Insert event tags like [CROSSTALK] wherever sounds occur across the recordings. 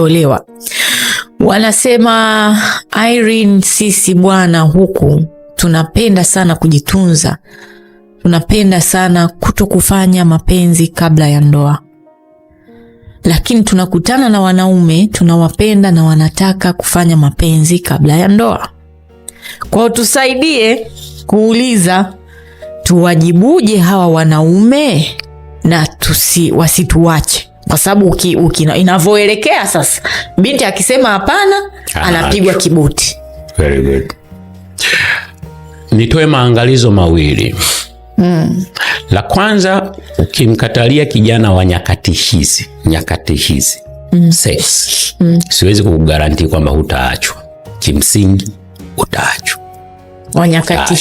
olewa wanasema Irene, sisi bwana, huku tunapenda sana kujitunza, tunapenda sana kuto kufanya mapenzi kabla ya ndoa, lakini tunakutana na wanaume tunawapenda na wanataka kufanya mapenzi kabla ya ndoa. Kwao tusaidie kuuliza, tuwajibuje hawa wanaume na tusi wasituache kwa sababu uki, uki, inavyoelekea sasa, binti akisema hapana, anapigwa kibuti. Very good. Nitoe maangalizo mawili mm. La kwanza, ukimkatalia kijana wa nyakati hizi nyakati hizi mm. sex mm. siwezi kukugaranti kwamba hutaachwa. Kimsingi utaachwa wa nyakati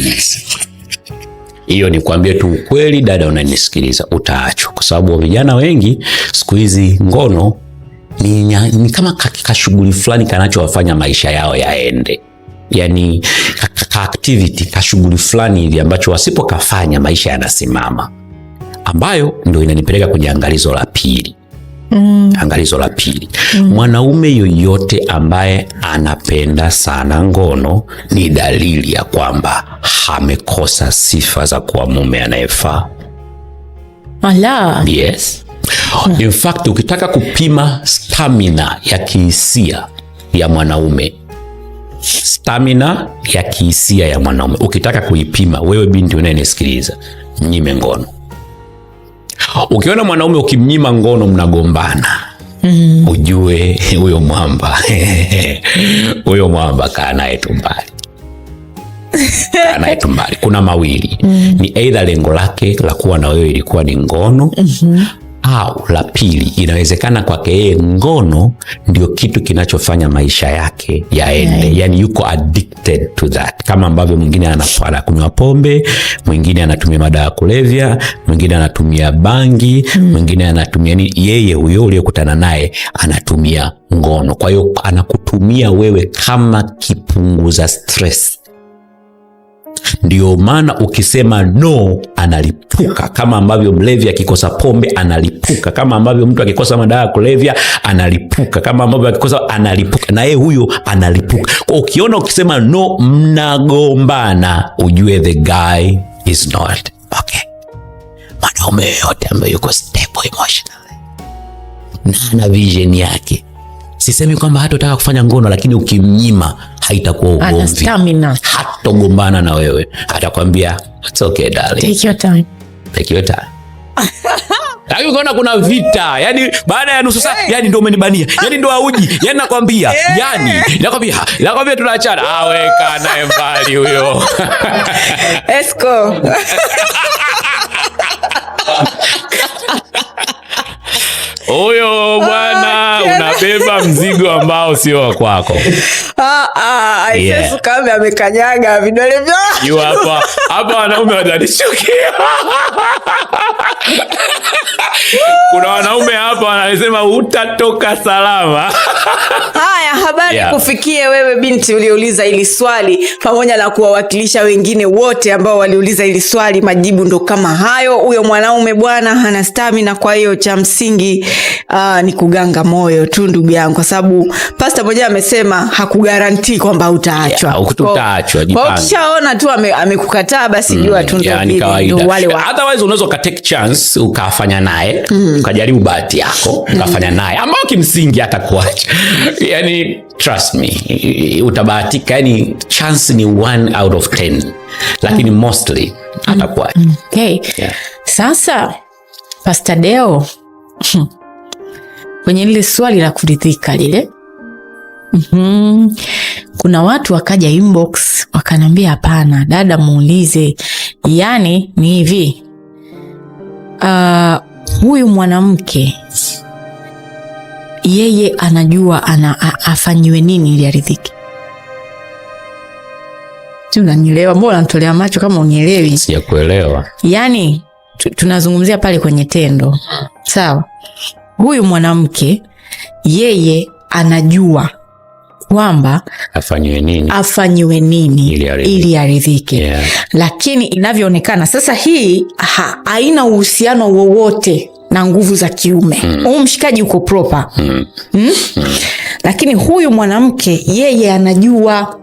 hizi hiyo ni kuambia tu ukweli, dada unanisikiliza, utaachwa kwa sababu vijana wengi siku hizi ngono ni, ni kama kashughuli fulani kanachowafanya maisha yao yaende yani ka activity ka shughuli fulani hivi ambacho wasipokafanya maisha yanasimama, ambayo ndio inanipeleka kwenye angalizo la pili mm. Angalizo la pili mm. Mwanaume yoyote ambaye anapenda sana ngono ni dalili ya kwamba amekosa sifa za kuwa mume anayefaa. Ala. Yes. Mm. In fact, ukitaka kupima stamina ya kihisia ya mwanaume stamina ya kihisia ya mwanaume ukitaka kuipima, wewe binti unayenisikiliza, mnyime ngono. Ukiona mwanaume ukimnyima ngono mnagombana, mm. ujue [LAUGHS] huyo mwamba [LAUGHS] huyo mwamba kaa naye tumbali anayetumbali kuna mawili mm. ni aidha lengo lake la kuwa na wewe ilikuwa ni ngono mm -hmm au la pili, inawezekana kwake yeye ngono ndio kitu kinachofanya maisha yake yaende, yeah. Yani yuko addicted to that, kama ambavyo mwingine anakunywa pombe, mwingine anatumia madawa ya kulevya, mwingine anatumia bangi, hmm. mwingine mm. anatumia nini, yeye huyo uliyokutana naye anatumia ngono. Kwa hiyo anakutumia wewe kama kipunguza stress, ndio maana ukisema no anali analipuka, kama ambavyo mlevi akikosa pombe analipuka, kama ambavyo mtu akikosa madawa ya kulevya analipuka, kama ambavyo akikosa analipuka, na yeye huyo analipuka. Kwa ukiona ukisema no, mnagombana, ujue the guy is not okay. Mwanaume yoyote ambaye yuko stable emotionally na ana vision yake Sisemi kwamba hatataka kufanya ngono, lakini ukimnyima haitakuwa ugomvi, hatogombana na wewe, atakwambia it's okay darling, take your time ikiweta lakini ukaona kuna vita yani, baada ya nusu saa hey. Yani ndo umenibania ah. yani ndio auji yani nakwambia [LAUGHS] yeah. Yani nakwambia nakwambia tunaachana, ah, weka naye mbali huyo Esco [LAUGHS] huyo ah, bwana ah, unabeba mzigo ambao sio wa kwako. ah, ah, yeah. amekanyaga vidole vyao hapa, wanaume watanichukia [LAUGHS] [LAUGHS] kuna wanaume hapa wanasema utatoka salama. [LAUGHS] Haya, habari yeah, kufikie wewe binti uliouliza hili swali, pamoja na kuwawakilisha wengine wote ambao waliuliza hili swali. Majibu ndo kama hayo, huyo mwanaume bwana hana stamina. Kwa hiyo cha msingi uh, ni kuganga moyo tu ndugu yangu, kwa sababu pasta mmoja amesema hakugarantii kwamba utaachwa. Yeah, Ukishaona tu amekukataa ame basi, mm, jua mm, tu ndio wale wa. Otherwise unaweza chance uka, ukafanya naye mm. ukajaribu bahati yako ukafanya mm. naye ambao kimsingi kuacha yani, trust me utabahatika, yani chance ni one out of ten, lakini mm. mostly kuacha mm. okay. yeah. Sasa Pastor Deo [LAUGHS] kwenye lile swali la kuridhika lile mm -hmm. Kuna watu wakaja inbox wakanambia, hapana dada, muulize. Yani ni hivi, uh, huyu mwanamke yeye anajua ana afanyiwe nini ili aridhike. Si unanielewa? Mbona unanitolea macho kama unielewi? Sijakuelewa. Yaani tunazungumzia pale kwenye tendo, sawa? Huyu mwanamke yeye anajua kwamba afanyiwe nini, afanyiwe nini ili aridhike yeah. Lakini inavyoonekana sasa hii ha, haina uhusiano wowote na nguvu za kiume hmm. huu mm. Mshikaji uko propa mm. Mm? Mm. Lakini huyu mwanamke yeye anajua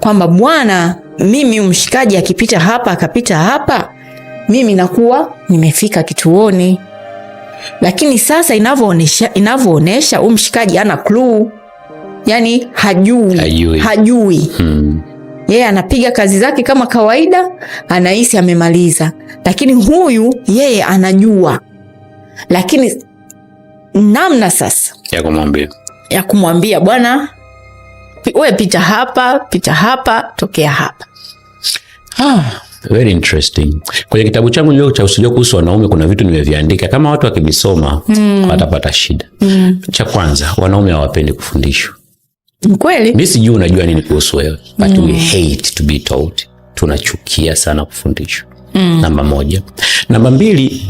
kwamba bwana, mimi mshikaji akipita hapa akapita hapa mimi nakuwa nimefika kituoni. Lakini sasa inavyoonesha inavyoonesha huu mshikaji ana kluu yani hajui hajui, hajui. Hmm. Yeye anapiga kazi zake kama kawaida, anahisi amemaliza, lakini huyu yeye anajua, lakini namna sasa ya kumwambia ya kumwambia bwana, we pita hapa, pita hapa, tokea hapa ah. Very interesting. Kwenye kitabu changu cha usujio kuhusu wanaume kuna vitu nimeviandika, kama watu wakivisoma mm. watapata shida mm. Cha kwanza, wanaume hawapendi kufundishwa Kweli mimi sijui unajua nini kuhusu wewe but mm. we hate to be told, tunachukia sana kufundishwa mm. namba moja. Namba mbili,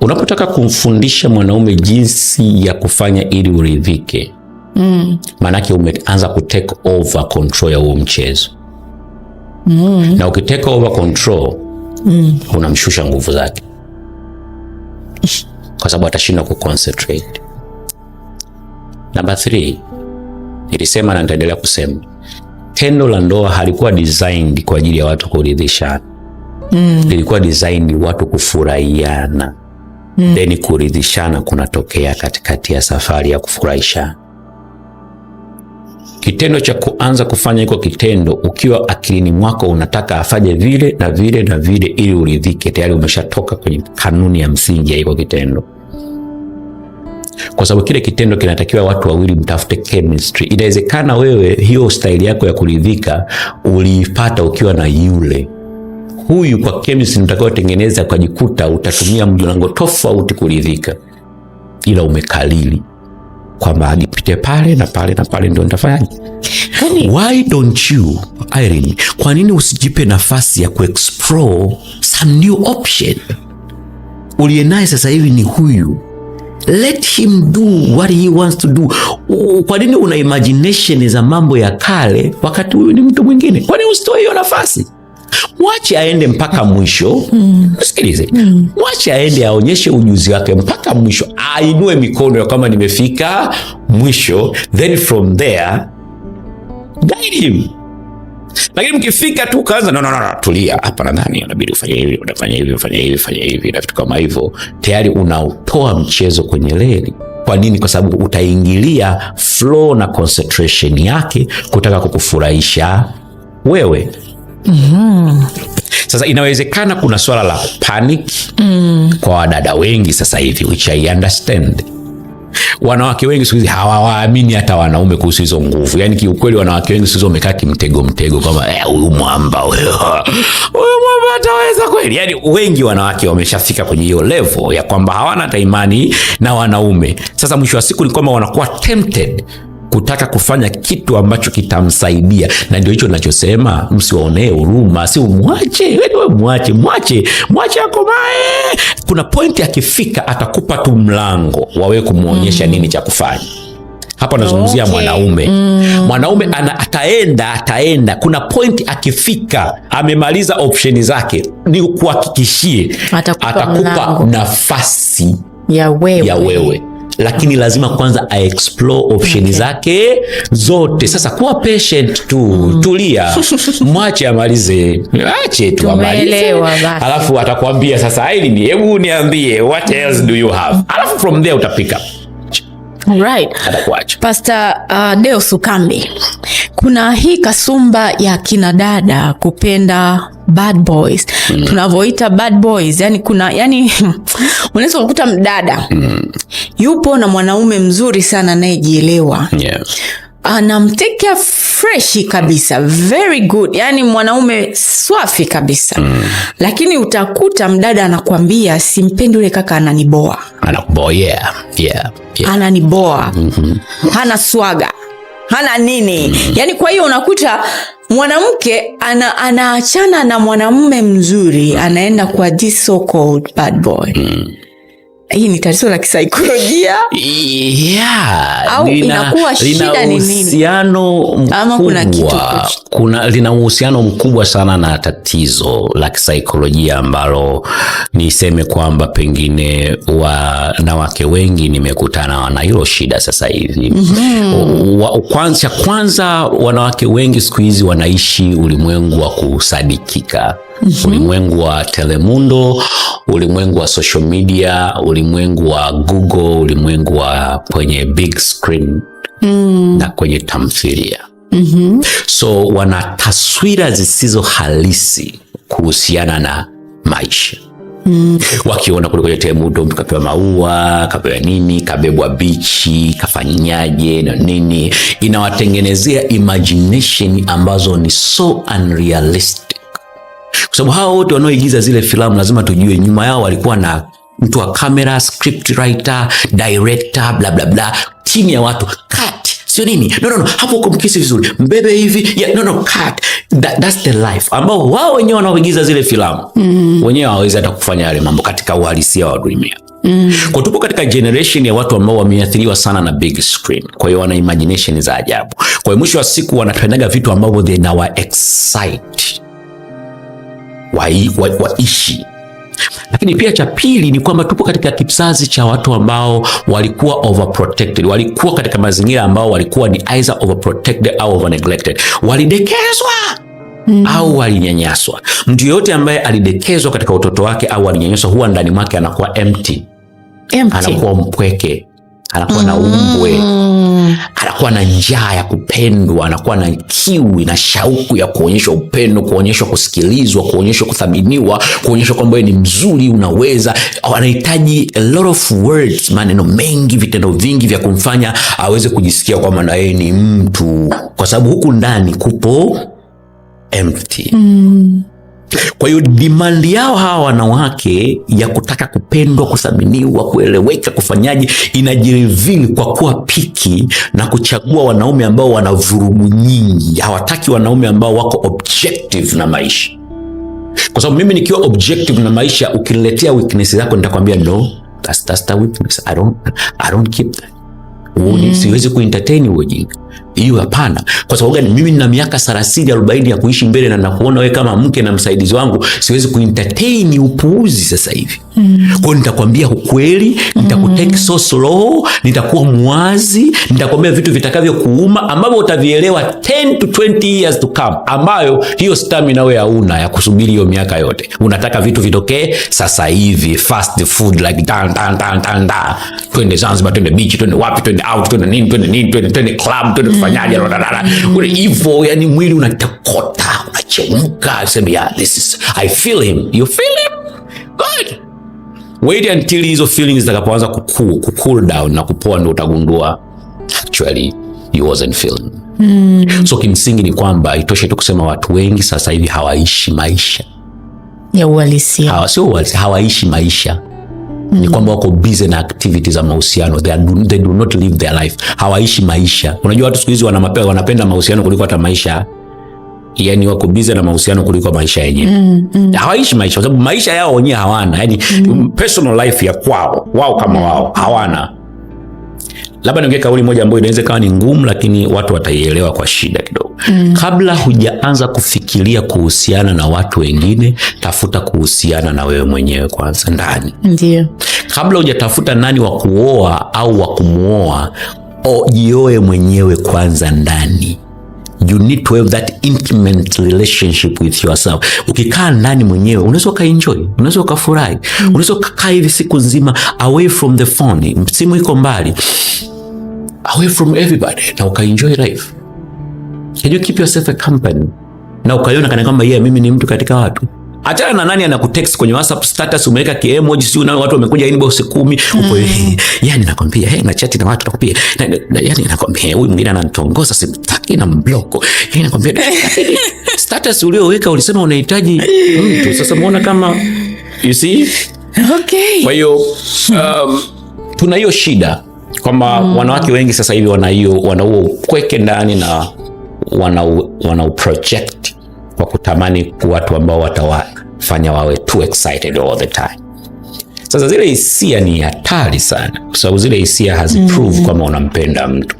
unapotaka kumfundisha mwanaume jinsi ya kufanya ili uridhike mm. maanake umeanza ku take over control ya huo mchezo mm. na take over control mm. unamshusha nguvu zake, kwa sababu atashindwa ku concentrate. Namba 3 Nilisema na nitaendelea kusema, tendo la ndoa halikuwa designed kwa ajili ya watu kuridhishana mm. lilikuwa designed watu kufurahiana mm. then kuridhishana kunatokea katikati ya safari ya kufurahisha. Kitendo cha kuanza kufanya hiko kitendo ukiwa akilini mwako unataka afanye vile na vile na vile ili uridhike, tayari umeshatoka kwenye kanuni ya msingi ya hiko kitendo kwa sababu kile kitendo kinatakiwa watu wawili mtafute chemistry. Inawezekana wewe hiyo staili yako ya kuridhika uliipata ukiwa na yule huyu, kwa chemistry mtakayotengeneza ukajikuta utatumia mlango tofauti kuridhika, ila umekalili kwamba nipite pale na pale na pale ndio nitafanya. Why don't you Irene, kwa nini usijipe nafasi ya kuexplore some new option? Uliye naye sasa hivi ni huyu Let him do what he wants to do. Kwa nini una imagination za mambo ya kale wakati huyu ni mtu mwingine? Kwa nini usitoe hiyo nafasi? Mwache aende mpaka mwisho. Mm. Sikilize. Mm. Mwache aende aonyeshe ujuzi wake mpaka mwisho, ainue mikono ya kama nimefika mwisho, then from there guide him. Lakini mkifika tu kaanza no, no, no, tulia hapa, nadhani inabidi ufanye hivi, unafanya hivi, ufanye hivi, fanya hivi na vitu kama hivyo, tayari unautoa mchezo kwenye reli. Kwa nini? Kwa sababu utaingilia flow na concentration yake kutaka kukufurahisha wewe. mm -hmm. Sasa inawezekana kuna swala la panic mm. kwa wadada wengi sasa hivi, which I understand Wanawake wengi siku hizi hawawaamini hata wanaume kuhusu hizo nguvu. Yani kiukweli, wanawake wengi siku hizi wamekaa kimtego mtego, kama eh, huyu eh, mwamba [LAUGHS] huyu mwamba ataweza kweli? Yani wengi wanawake wameshafika kwenye hiyo level ya kwamba hawana hata imani na wanaume. Sasa mwisho wa siku ni kwamba wanakuwa tempted kutaka kufanya kitu ambacho kitamsaidia, na ndio hicho nachosema, msiwaonee huruma, si umwache wewe, mwache mwache mwache akomae. Kuna pointi akifika, atakupa tu mlango wa wewe kumwonyesha mm. nini cha kufanya. Hapa anazungumzia okay. mwanaume mm. mwanaume ana, ataenda ataenda, kuna pointi akifika, amemaliza opsheni zake, ni kuhakikishie atakupa, atakupa nafasi ya wewe, ya wewe lakini lazima kwanza a explore option okay, zake zote. Sasa kuwa patient tu mm, tulia [LAUGHS] mwache amalize, ache tu amalize, alafu atakwambia sasa, ni hebu niambie what else do you have, alafu from there utapika. right. Pastor uh, Deo Sukambi kuna hii kasumba ya kina dada kupenda bad boys mm. tunavyoita bad boys yani, kuna yani [LAUGHS] unaweza kukuta mdada mm. yupo na mwanaume mzuri sana anayejielewa yeah anamtekea freshi kabisa, very good, yani mwanaume swafi kabisa mm. Lakini utakuta mdada anakwambia simpendi yule kaka, ananiboa anakuboa, yeah, yeah, yeah. Ananiboa mm -hmm. hana swaga hana nini. Yani, kwa hiyo unakuta mwanamke ana, anaachana na mwanamume mzuri anaenda kwa this so called bad boy. Mm hii ni tatizo la kisaikolojia yeah, au inakuwa shida ni nini? Ama kuna kitu kuna, lina uhusiano mkubwa sana na tatizo la kisaikolojia ambalo niseme kwamba pengine wanawake wengi nimekutana na hilo shida sasa hivi. mm mm-hmm. -hmm. Kwanza, kwanza wanawake wengi siku hizi wanaishi ulimwengu wa kusadikika. Mm -hmm. Ulimwengu wa telemundo, ulimwengu wa social media, ulimwengu wa Google, ulimwengu wa kwenye big screen mm. na kwenye tamthilia mm -hmm. So wana taswira zisizo halisi kuhusiana na maisha mm. wakiona kule kwenye temudo mtu kapewa maua, kapewa nini, kabebwa bichi, kafanyaje na nini, inawatengenezea imagination ambazo ni so unrealistic sababu hao wote wanaoigiza zile filamu lazima tujue nyuma yao walikuwa na mtu wa kamera, script writer, director, bla bla bla, timu ya watu cut, sio nini, no, no, no, hapo uko mkisi vizuri, mbebe hivi, yeah, no, no, cut. That, that's the life ambao wao wenyewe wanaoigiza zile filamu mm. wenyewe hawawezi hata kufanya yale mambo katika uhalisia wa dunia. Mm. Kwa tupo katika generation ya watu ambao wameathiriwa sana na big screen. Kwa hiyo wana imagination za ajabu. Kwa hiyo mwisho wa siku wanapendaga vitu ambavyo they now excite wa, wa, waishi. Lakini pia cha pili ni kwamba tupo katika kizazi cha watu ambao walikuwa overprotected, walikuwa katika mazingira ambao walikuwa ni either overprotected au overneglected, walidekezwa Mm au alinyanyaswa. Mtu yeyote ambaye alidekezwa katika utoto wake au alinyanyaswa, huwa ndani mwake anakuwa empty, empty. anakuwa mpweke anakuwa na umbwe, mm. anakuwa na njaa ya kupendwa, anakuwa na kiwi na shauku ya kuonyeshwa upendo, kuonyeshwa kusikilizwa, kuonyeshwa kuthaminiwa, kuonyeshwa kwamba ni mzuri, unaweza. Anahitaji a lot of words, maneno mengi, vitendo vingi vya kumfanya aweze kujisikia kwamba na yeye ni mtu, kwa sababu huku ndani kupo empty mm. Kwa hiyo dimandi yao hawa wanawake ya kutaka kupendwa, kuthaminiwa, kueleweka, kufanyaje, inajirivili kwa kuwa piki na kuchagua wanaume ambao wana vurugu nyingi. Hawataki wanaume ambao wako objective na maisha, kwa sababu mimi nikiwa objective na maisha, ukiniletea weakness zako nitakwambia no, that's, that's the weakness. I don't, I don't keep that. Mm. Siwezi kuentertain huo hiyo hapana, kwa sababu gani? Mimi nina miaka 30 40 ya kuishi mbele, na nakuona wewe kama mke na msaidizi wangu, siwezi kuentertain upuuzi sasa hivi mm. Kwa hiyo nitakwambia ukweli, nitakutake mm. so slow, nitakuwa mwazi, nitakwambia vitu vitakavyokuuma ambavyo utavielewa 10 to 20 years to come, ambayo hiyo stamina wewe hauna ya kusubiri hiyo miaka yote. Unataka vitu vitokee sasa hivi, fast food like dan dan dan dan, da. twende Zanzibar, twende beach, twende wapi, twende out, twende nini, twende nini, twende twende club kwenda kufanyaje, mm. ule hivyo, yani mwili unatakota unachemka, sema yeah, this is I feel him, you feel him good. Wait until hizo feelings zitakapoanza kucool down na kupoa, ndio utagundua actually you wasn't feeling mm. So kimsingi ni kwamba itoshe tu kusema watu wengi sasa hivi hawaishi maisha ya uhalisia, hawaishi maisha ni kwamba wako busy na activities za mahusiano, they, they do not live their life, hawaishi maisha. Unajua watu siku hizi wanapenda, wanapenda mahusiano kuliko hata maisha Yani wako busy na mahusiano kuliko maisha yenyewe mm, mm. Hawaishi maisha kwa sababu maisha yao wenyewe hawana, yani mm. personal life ya kwao wao kama mm. wao hawana. Labda niongee kauli moja ambayo inaweza kawa ni ngumu, lakini watu wataielewa kwa shida kidogo mm. Kabla hujaanza kufikiria kuhusiana na watu wengine, tafuta kuhusiana na wewe mwenyewe kwanza ndani. Ndio, kabla hujatafuta nani wa kuoa au wa kumwoa, jioe mwenyewe kwanza ndani. You need to have that intimate relationship with yourself. Ukikaa ndani mwenyewe unaweza ukaenjoy, unaweza ukafurahi, mm. unaweza ukakaa hivi siku nzima away from the phone, simu iko mbali, away from everybody na ukaenjoy life. Can you keep yourself a company na ukaiona kana kwamba yeye, yeah, mimi ni mtu katika watu. Achana na nani anakutext kwenye WhatsApp status umeweka ki emoji sio na watu wamekuja inbox 10 huko mm. Yani nakwambia hey, na chat na watu nakwambia na, na, yani nakwambia huyu mwingine ananitongoza simtaki na mblock. Yani nakwambia status ulioweka ulisema unahitaji mtu. Sasa muona kama you see? Okay. Kwa hiyo um, tuna hiyo shida kwamba mm. wanawake wengi sasa hivi wana hiyo wana huo kweke ndani na wanauproject wana kwa kutamani kuwa watu ambao watawafanya wawe too excited all the time. Sasa zile hisia ni hatari sana, kwa sababu zile hisia haziprove mm -hmm. kama unampenda mtu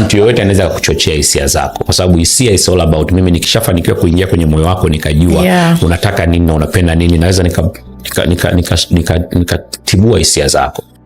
mtu yoyote anaweza kuchochea hisia zako, kwa sababu hisia is all about mimi. Nikishafanikiwa kuingia kwenye moyo wako nikajua yeah. unataka nini na unapenda nini, naweza nikatibua nika, nika, nika, nika, nika hisia zako.